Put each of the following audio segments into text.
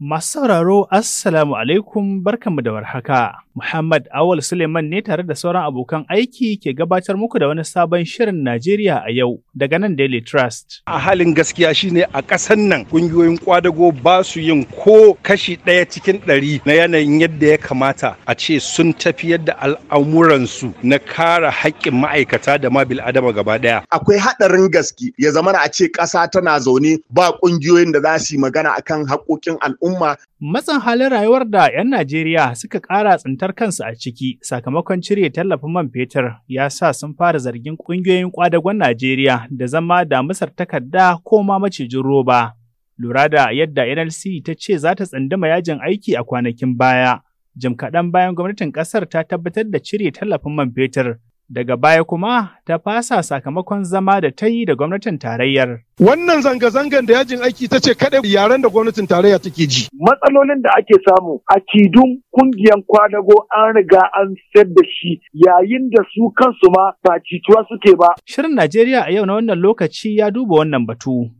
Masu sauraro, Assalamu alaikum barkanmu da warhaka. Muhammad Awal Suleiman ne tare da sauran abokan aiki ke gabatar muku da wani sabon shirin Najeriya a yau daga nan Daily Trust. A halin gaskiya shine a ƙasan nan ƙungiyoyin kwadago ba su yin ko kashi ɗaya cikin ɗari na yanayin yadda ya kamata a ce sun tafiyar da al'amuransu na kare haƙƙin ma'aikata da ma bil'adama gaba ɗaya. Akwai haɗarin gaske ya zamana a ce ƙasa tana zaune ba ƙungiyoyin da za su yi magana akan haƙoƙin al'umma al'umma. Matsan halin rayuwar da 'yan Najeriya suka ƙara tsintar kansu a ciki sakamakon cire tallafin man fetur ya sa sun fara zargin ƙungiyoyin ƙwadagon Najeriya da zama da takarda ko ma macijin roba. Lura da yadda NLC ta ce za ta tsandama yajin aiki a kwanakin baya. Jim kaɗan bayan gwamnatin ƙasar ta tabbatar da cire tallafin man fetur. daga baya kuma ta fasa sakamakon zama da ta yi da gwamnatin tarayyar. Wannan zanga-zangan da yajin aiki ta ce kaɗai yaren da gwamnatin tarayya take ji. Matsalolin da ake samu a kidun kungiyan kwadago an riga an sayar da shi yayin da su kansu ma ba cituwa suke ba. Shirin Najeriya a yau na wannan lokaci ya duba wannan batu.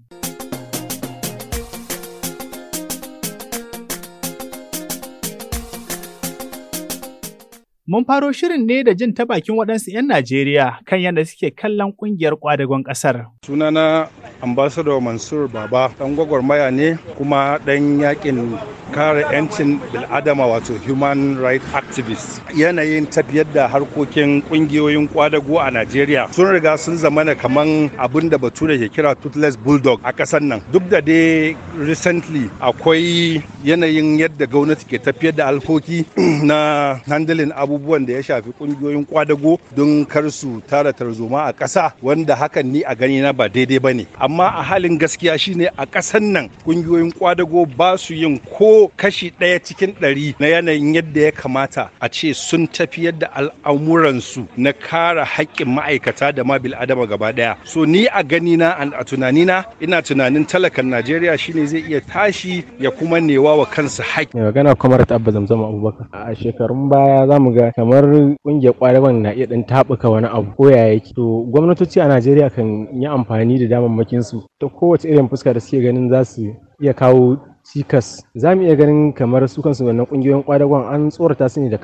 Mun faro shirin ne da jin ta bakin waɗansu 'yan Najeriya kan yadda suke kallon ƙungiyar ƙwadagon ƙasar. Sunana ambassador mansur baba dan gwagwarmaya ne kuma dan yakin kare 'yancin bil'adama wato human rights activist yanayin tafiyar da harkokin kungiyoyin kwadago a najeriya sun riga sun zama na kaman abin da batu da ke kira toothless bulldog a ƙasar nan duk da dai recently akwai yanayin yadda gwamnati ke tafiyar da alkoki na handling abubuwan da ya shafi kungiyoyin kwadago don kar su tara tarzoma a ƙasa wanda hakan ni a gani na ba daidai ba ne amma a halin gaskiya shine a ƙasan nan ƙungiyoyin kwadago ba su yin ko kashi ɗaya cikin ɗari na yanayin yadda ya kamata a ce sun tafi yadda al'amuransu na kare haƙƙin ma'aikata da ma bil'adama gaba ɗaya so ni a gani na a tunani na ina tunanin talakan najeriya shine zai iya tashi ya kuma newa wa kansa haƙƙi ne magana kamar ta abba zamzama abubakar a shekarun baya za mu ga kamar ƙungiyar kwadagon na iya ɗan taɓuka wani abu ko yaya to gwamnatoci a najeriya kan yi amfani da damammakin jikinsu ta kowace irin fuska da suke ganin za su iya kawo cikas za mu iya ganin kamar su kansu wannan kungiyoyin kwadagon an tsorata su ne da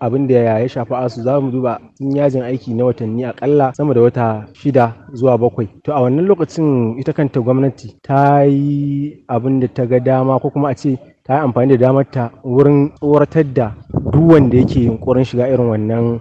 abin da ya shafi asu za mu duba sun yajin aiki na watanni akalla sama da wata shida zuwa bakwai to a wannan lokacin ita kanta gwamnati ta yi abin da ta ga dama ko kuma a ce ta yi amfani da damar ta wurin tsoratar da duk wanda yake yunkurin shiga irin wannan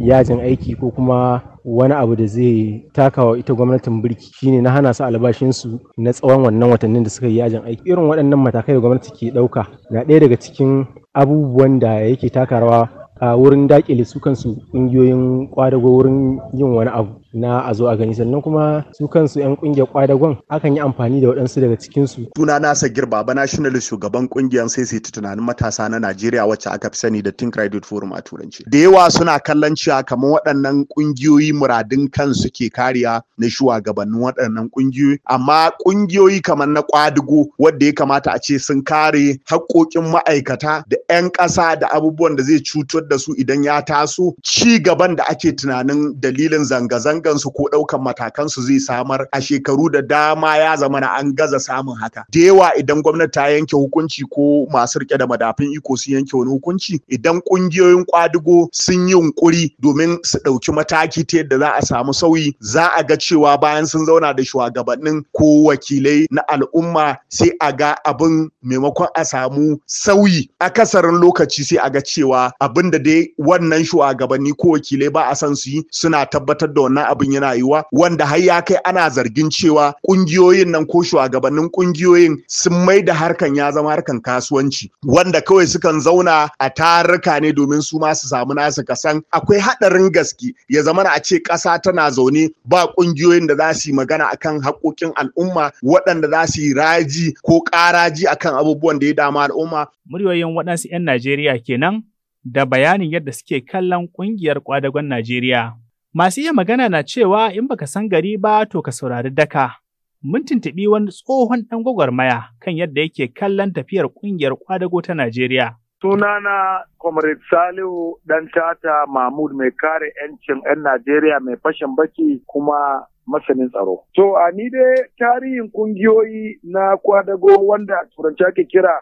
yajin aiki ko kuma wani abu da zai takawa ita gwamnatin birki shine na hana su albashinsu na tsawon wannan watannin da suka yi yajin aiki irin waɗannan matakai da gwamnati ke ɗauka na ɗaya daga cikin abubuwan da yake takarawa a wurin dakile su kansu ƙungiyoyin ƙwadago wurin yin wani abu na a zo a gani sannan kuma su kansu 'yan kungiyar kwadagon akan yi amfani da waɗansu daga cikinsu. Tuna nasa girba ba nationalist shugaban kungiyar sai sai tunanin matasa na Najeriya wacce aka fi sani da Think Credit Forum a turanci. Da yawa suna kallon cewa kamar waɗannan kungiyoyi muradin kan suke kariya na shugabannin waɗannan kungiyoyi amma kungiyoyi kamar na kwadugo wanda ya kamata a ce sun kare haƙoƙin ma'aikata da 'yan ƙasa da abubuwan da zai cutar da su idan ya taso ci gaban da ake tunanin dalilin zanga-zanga gangansu ko ɗaukan su zai samar a shekaru da dama ya zama na an gaza samun haka da yawa idan gwamnati ta yanke hukunci ko masu rike da madafin iko sun yanke wani hukunci idan ƙungiyoyin kwadugo sun yi yunƙuri domin su ɗauki mataki ta yadda za a samu sauyi za a ga cewa bayan sun zauna da shugabannin ko wakilai na al'umma sai a ga abin maimakon a samu sauyi akasarin lokaci sai a ga cewa abin da dai wannan shugabanni ko wakilai ba a san su yi suna tabbatar da wannan abin yana yiwa wanda har ya kai ana zargin cewa kungiyoyin nan ko shugabannin kungiyoyin sun mai da harkan ya zama harkan kasuwanci wanda kawai sukan zauna a tarurruka ne domin su ma su samu nasu kasan akwai haɗarin gaske ya zama a ce ƙasa tana zaune ba kungiyoyin da za su yi magana akan haƙoƙin al'umma waɗanda za su yi raji ko ƙaraji akan abubuwan da ya dama al'umma. Muryoyin waɗansu 'yan Najeriya kenan da bayanin yadda suke kallon ƙungiyar ƙwadagon Najeriya. Masu iya magana na cewa in baka san gari ba to ka saurari daka. Mun tuntuɓi wani tsohon ɗan gwagwarmaya kan yadda yake kallon tafiyar ƙungiyar ƙwadago ta Najeriya. Sunana Comrade Salihu ɗan tata Mahmud mai kare 'yancin 'yan Najeriya mai fashin baki kuma masanin tsaro. To a ni dai tarihin kungiyoyi na kwadago wanda turanci ake kira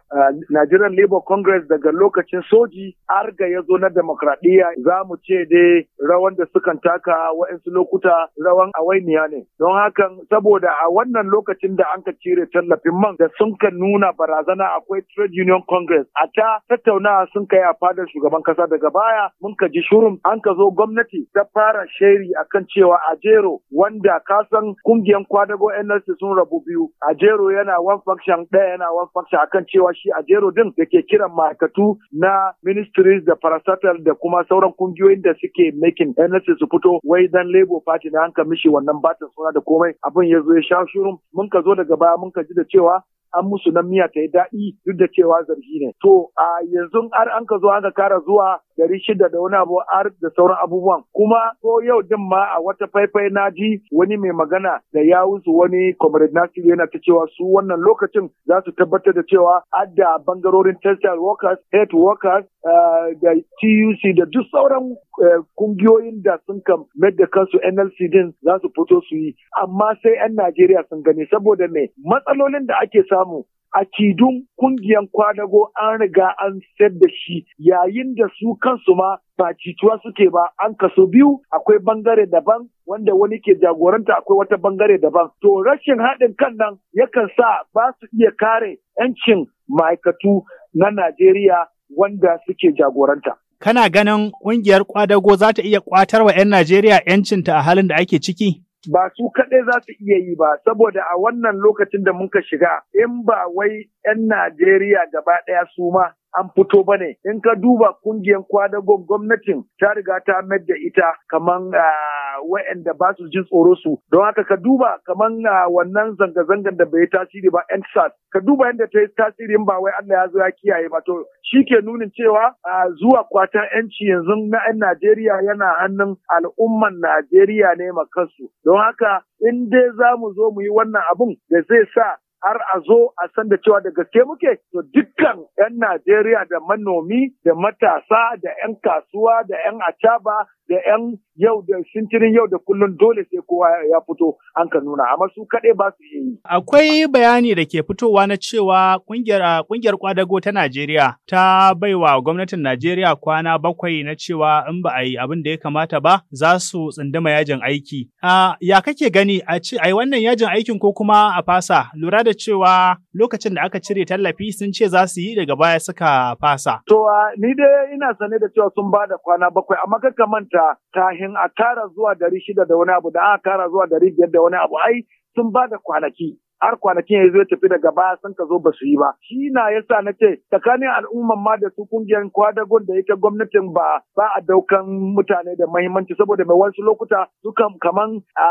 Nigerian Labour Congress daga lokacin soji har ya zo na demokradiyya za mu ce dai rawan da sukan taka wa'insu lokuta rawan awainiya ne. Don hakan saboda a wannan lokacin da an ka cire tallafin man da sun ka nuna barazana akwai Trade Union Congress a ta tattaunawa sun kai a fadar shugaban kasa daga baya mun ka ji shurum an ka zo gwamnati ta fara sheri akan cewa a jero wanda ka san kungiyan kwadago NLC sun rabu biyu. Ajero yana one faction ɗaya yana one faction akan cewa shi Ajero din da ke kiran ma'aikatu na ministries da parastatal da kuma sauran kungiyoyin da suke making NLC su fito wai dan Labour Party na hanka mishi wannan batin suna da komai abin ya zo ya sha shurun mun ka zo daga baya mun ka ji da cewa an musu nan miya ta yi daɗi duk da cewa zargi ne. To a yanzu har an ka zo an ka kara zuwa dari shida da wani abu har da sauran abubuwan. Kuma ko yau din ma a wata faifai na ji wani mai magana da ya wusu wani comrade Nasiru yana ta cewa su wannan lokacin za su tabbatar da cewa adda bangarorin textile workers, health workers, da TUC da duk sauran eh, kungiyoyin da sun kam da kansu NLC din za su fito su yi amma sai 'yan Najeriya sun gani saboda me matsalolin da ake samu a kidun kungiyan kwadago an riga an sayar da shi yayin da su kansu ma ba cituwa suke ba an kaso biyu akwai bangare daban wanda wani ke jagoranta akwai wata bangare daban to rashin haɗin kan nan yakan sa ba su iya kare 'yancin ma'aikatu na Najeriya wanda suke jagoranta. Kana ganin ƙungiyar ƙwadago za ta iya ƙwatar wa 'yan Najeriya 'yancinta a halin da ake ciki? Ba su kaɗai za su iya yi ba, saboda a wannan lokacin da muka shiga, in ba wai 'yan Najeriya gaba ɗaya su ma an fito ba ne in ka duba kungiyar kwadagon gwamnatin ta riga ta mayar da ita kaman ah, wa'anda ba su jin tsoro su don haka ka duba kaman ah, wannan zanga-zangar da bai yi tasiri ba endsars ka duba yadda ta yi tasirin ba wai Allah ya zo ya kiyaye ba to shi ke nunin cewa ah, zuwa kwatan yanci yanzu na 'yan Najeriya yana hannun al'umman Najeriya ne makansu don haka in dai za mu zo mu yi wannan abun da zai sa har a zo a san da cewa da gaske muke to dukkan 'yan Najeriya da manomi da matasa da 'yan kasuwa da 'yan acaba da 'yan yau da sintirin yau da kullum dole sai kowa ya fito an ka nuna amma su kaɗai ba su yi. Akwai bayani da ke fitowa na cewa ƙungiyar kwadago ta Najeriya ta baiwa gwamnatin Najeriya kwana bakwai na cewa in ba a yi abin da ya kamata ba za su tsindama yajin aiki. ya kake gani a ce ai wannan yajin aikin ko kuma a fasa lura da cewa lokacin da aka cire tallafi sun ce za su yi daga baya suka fasa. To ni dai ina sane da cewa sun bada kwana bakwai amma kaka manta kahin a kara zuwa dari shida da wani abu da aka kara zuwa dari biyar da wani abu ai sun bada kwanaki. har kwanakin ya tafi daga baya sun ka zo ba su yi ba shi na yasa na ce tsakanin al'umman ma da su kungiyar kwadagon da ita gwamnatin ba ba a daukan mutane da mahimmanci saboda mai wasu lokuta su kaman a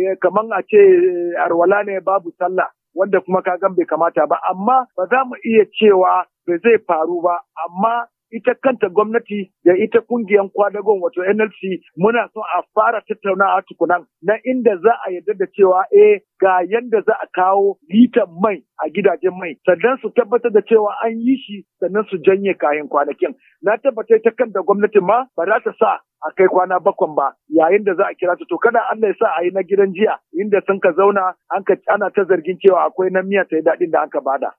eh, kaman a ce eh, arwala ne babu sallah wanda kuma ka gan bai kamata ba amma ba za mu iya cewa ba zai faru ba amma ita kanta gwamnati da ita kungiyan kwadagon wato NLC muna son a fara tattaunawa tukunan na inda za a yarda da cewa eh ga yanda za a kawo litan mai a gidajen mai sannan su tabbatar da cewa an yi shi sannan su janye kayan kwanakin na tabbatar ta kanta gwamnati ma ba za ta sa a kai kwana bakwan ba yayin da za a kira ta to kada Allah ya sa a yi na gidan jiya inda sun ka zauna an ana ta zargin cewa akwai na miya ta yi daɗin da an ka bada.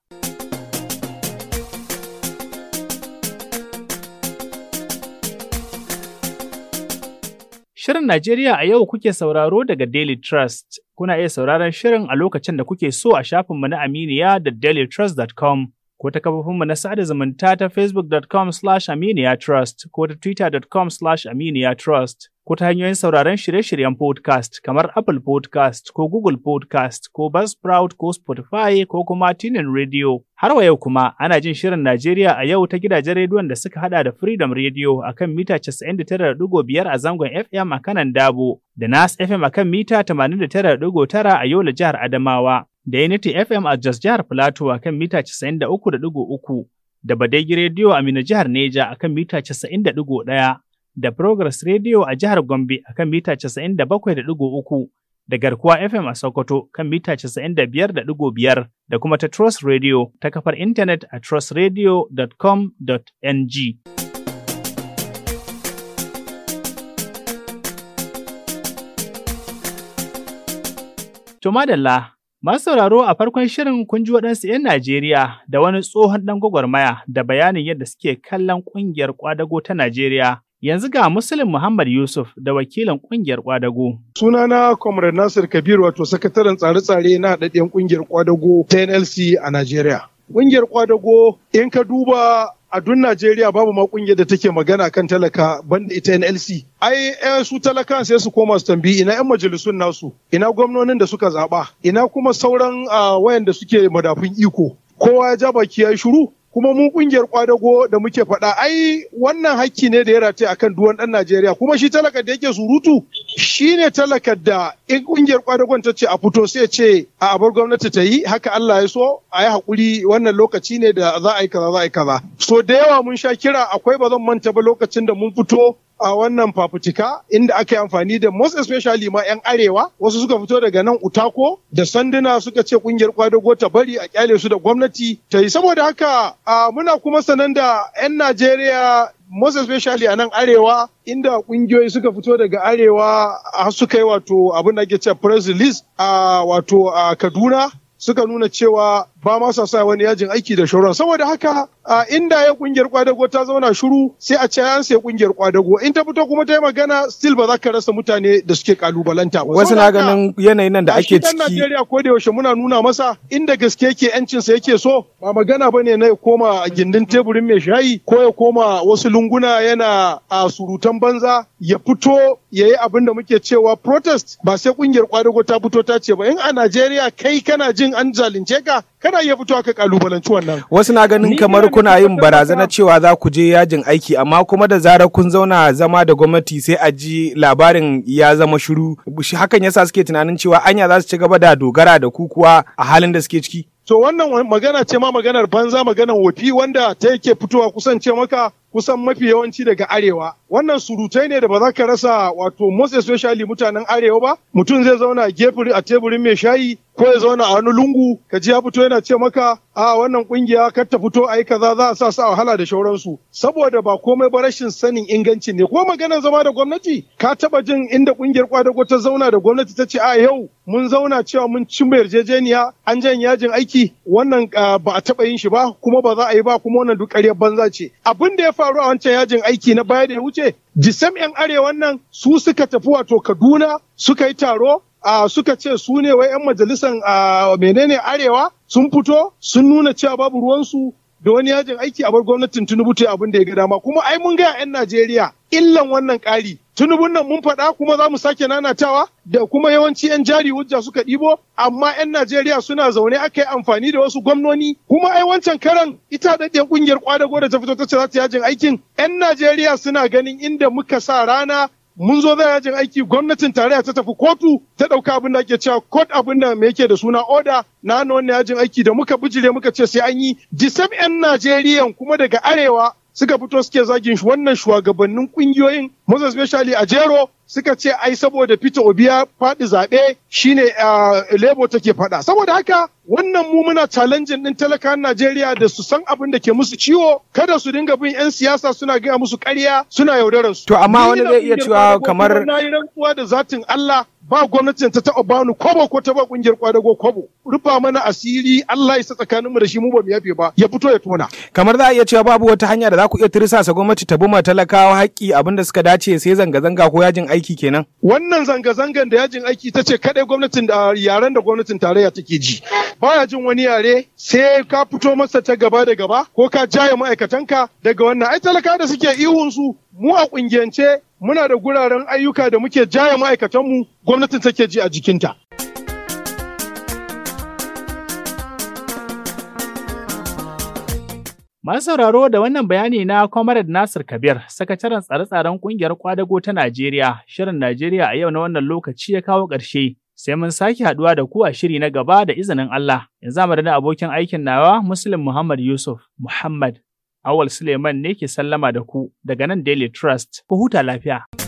Shirin Najeriya a yau kuke sauraro daga Daily Trust. Kuna iya sauraron shirin a lokacin da kuke so a shafinmu na Aminiya da dailytrust.com ko ta kafofinmu na sada zumunta ta facebookcom aminiya trust ko ta twittercom aminiya trust ko ta hanyoyin sauraron shirye-shiryen podcast kamar Apple podcast ko Google podcast ko Buzzsprout ko Spotify ko kuma Tinin Radio. Har wa yau kuma ana jin shirin Najeriya a yau ta gidajen rediyon da suka hada da Freedom Radio a kan mita 99.5 a zangon FM a kanan Dabo da Nas FM a kan mita 89.9 a Yola jihar Adamawa. Da Unity FM a Jos jihar Plateau a kan mita 93.3 da Badegi rediyo a Mina jihar Neja a kan mita 91. da Progress Radio a jihar Gombe a kan mita 97.3 da Garkuwa FM a Sokoto kan mita 95.5 da kuma ta Trust Radio ta kafar intanet a trustradio.com.ng. Tumadalla, masu sauraro a farkon shirin kun ji waɗansu 'yan Najeriya da wani tsohon ɗan gwagwarmaya da bayanin yadda suke kallon ƙungiyar ƙwadago ta Najeriya Yanzu ga Musulun Muhammad Yusuf da wakilin ƙungiyar Kwadago. Sunana Comrade Nasir Kabir wato sakataren tsare-tsare na haɗaɗɗen ƙungiyar Kwadago ta NLC a Najeriya. Ƙungiyar Kwadago in ka duba a dun Najeriya babu ma kungiyar da take magana kan talaka banda ita NLC. Ai eh, su talakan sai su koma su tambayi ina yan majalisun nasu, ina gwamnonin da suka zaba, ina kuma sauran uh, wayanda suke madafun iko. Kowa ya ja baki ya yi shiru, kuma mun kungiyar kwadago da muke faɗa ai wannan hakki ne da ya rataye akan duwan ɗan Najeriya kuma shi talakar da yake surutu shi ne talakar da in kungiyar kwadagon ta ce a fito sai ce a abar gwamnati ta yi haka Allah ya so a yi hakuri wannan lokaci ne da za a yi kaza za a yi kaza so da yawa mun sha kira akwai ba zan manta ba lokacin da mun fito a wannan fafutuka inda aka yi amfani da most especially ma 'yan arewa wasu suka fito daga nan utako da sanduna suka ce kungiyar kwadago ta bari a kyale su da gwamnati ta yi saboda haka muna kuma sanan da 'yan najeriya most especially a nan arewa inda kungiyoyi suka fito daga arewa a suka yi wato abin da ake ce press release a wato a kaduna suka nuna cewa ba ma sa sa wani yajin aiki da shauran saboda haka a inda ya kungiyar kwadago ta zauna shuru sai a ce an sai kungiyar kwadago in ta fito kuma ta yi magana still ba za ka rasa mutane da suke kalubalanta ba wasu na ganin yanayin nan da ake ciki A Najeriya ko da yaushe muna nuna masa inda gaske yake yancin sa yake so ba magana bane na ya koma gindin teburin mai shayi ko ya koma wasu lunguna yana a surutan banza ya fito ya yi abin da muke cewa protest ba sai kungiyar kwadago ta fito ta ce ba in a Najeriya kai kana jin an zalunce ka kana iya fitowa ka kalubalanci wannan wasu na ganin kamar kuna yin barazana cewa za ku je yajin aiki amma kuma da zarar kun zauna zama da gwamnati sai a ji labarin ya zama shiru hakan yasa suke tunanin cewa anya za su ci gaba da dogara da kukuwa a halin da suke ciki to wannan magana ce ma maganar banza maganar wofi wanda ta yake fitowa kusan ce maka kusan mafi yawanci daga arewa wannan surutai ne da ba za ka rasa wato most especially mutanen arewa ba mutum zai zauna gefuri a teburin mai shayi ko ya zauna a wani lungu ka ji ya fito yana ce maka a wannan kungiya kar ta fito yi kaza za a sa su a wahala da shauransu saboda ba komai ba rashin sanin inganci ne ko maganar zama da gwamnati ka taba jin inda kungiyar kwadago ta zauna da gwamnati ta ce a yau mun zauna cewa mun ci yarjejeniya an jan yajin aiki wannan ba a taba yin shi ba kuma ba za a yi ba kuma wannan duk ƙaryar banza ce abin da ya faru a wancan yajin aiki na baya da ya wuce jisam 'yan arewan nan su suka tafi wato kaduna suka yi taro Uh, suka ce su ne wai 'yan majalisar uh, menene arewa sun fito sun nuna cewa babu ruwansu da wani yajin aiki a bar gwamnatin Tinubu ta abin da ya ga dama kuma ai mun ga 'yan Najeriya illan wannan ƙari Tunubun nan mun faɗa kuma za mu sake nanatawa da kuma yawanci 'yan jari wujja suka ɗibo amma 'yan Najeriya suna zaune aka yi amfani da wasu gwamnoni kuma ai wancan karan ita daɗe ƙungiyar kwadago da ta fito ta ce za ta yajin aikin 'yan Najeriya suna ganin inda muka sa rana mun zo zai yajin aiki gwamnatin tarayya ta tafi kotu ta ɗauka abin da ake cewa kot abin da me yake da suna oda na hannu wannan yajin aiki da muka bijire muka ce sai an yi disam 'yan najeriya kuma daga arewa suka fito suke zagin wannan shugabannin kungiyoyin most especially a jero suka ce ai saboda Peter Obi ya faɗi zaɓe shine Labour take faɗa. Saboda haka wannan mu muna challenging ɗin talakan Najeriya da su san abin da ke musu ciwo kada su dinga bin 'yan siyasa suna gaya musu ƙarya suna yaudarar su. To amma wani zai iya cewa kamar. Na yi rantsuwa da zatin Allah ba gwamnatin ta taɓa bani kobo ko ta ba kungiyar kwadago kobo rufa mana asiri Allah ya tsakanin mu da shi mu ba mu yafe ba ya fito ya tona kamar za a iya cewa babu wata hanya da za ku iya tirsasa gwamnati ta buma talakawa haƙƙi abinda suka dace sai zanga zanga ko yajin aiki aiki kenan wannan zanga-zangan da yajin aiki ta ce kaɗai gwamnatin da ah, yaren da gwamnatin tarayya take ji baya jin wani yare sai ka fito masa ta gaba da gaba ko ka jaye ma'aikatanka daga wannan ai talaka da suke ihun su mu a ƙungiyance muna da guraren ayyuka da muke jaya ma'aikatanmu gwamnatin take ji a jikinta Masu sauraro da wannan bayani na Comrade Nasir Kabir, sakataren tsare-tsaren kungiyar kwadago ta Najeriya, shirin Najeriya a yau na wannan lokaci ya kawo ƙarshe. Sai mun sake haɗuwa da ku a shiri na gaba da izinin Allah. Yanzu mu da abokin aikin nawa Muslim Muhammad Yusuf Muhammad Awal Suleiman ne ke sallama da ku daga nan Daily Trust. Ku huta lafiya.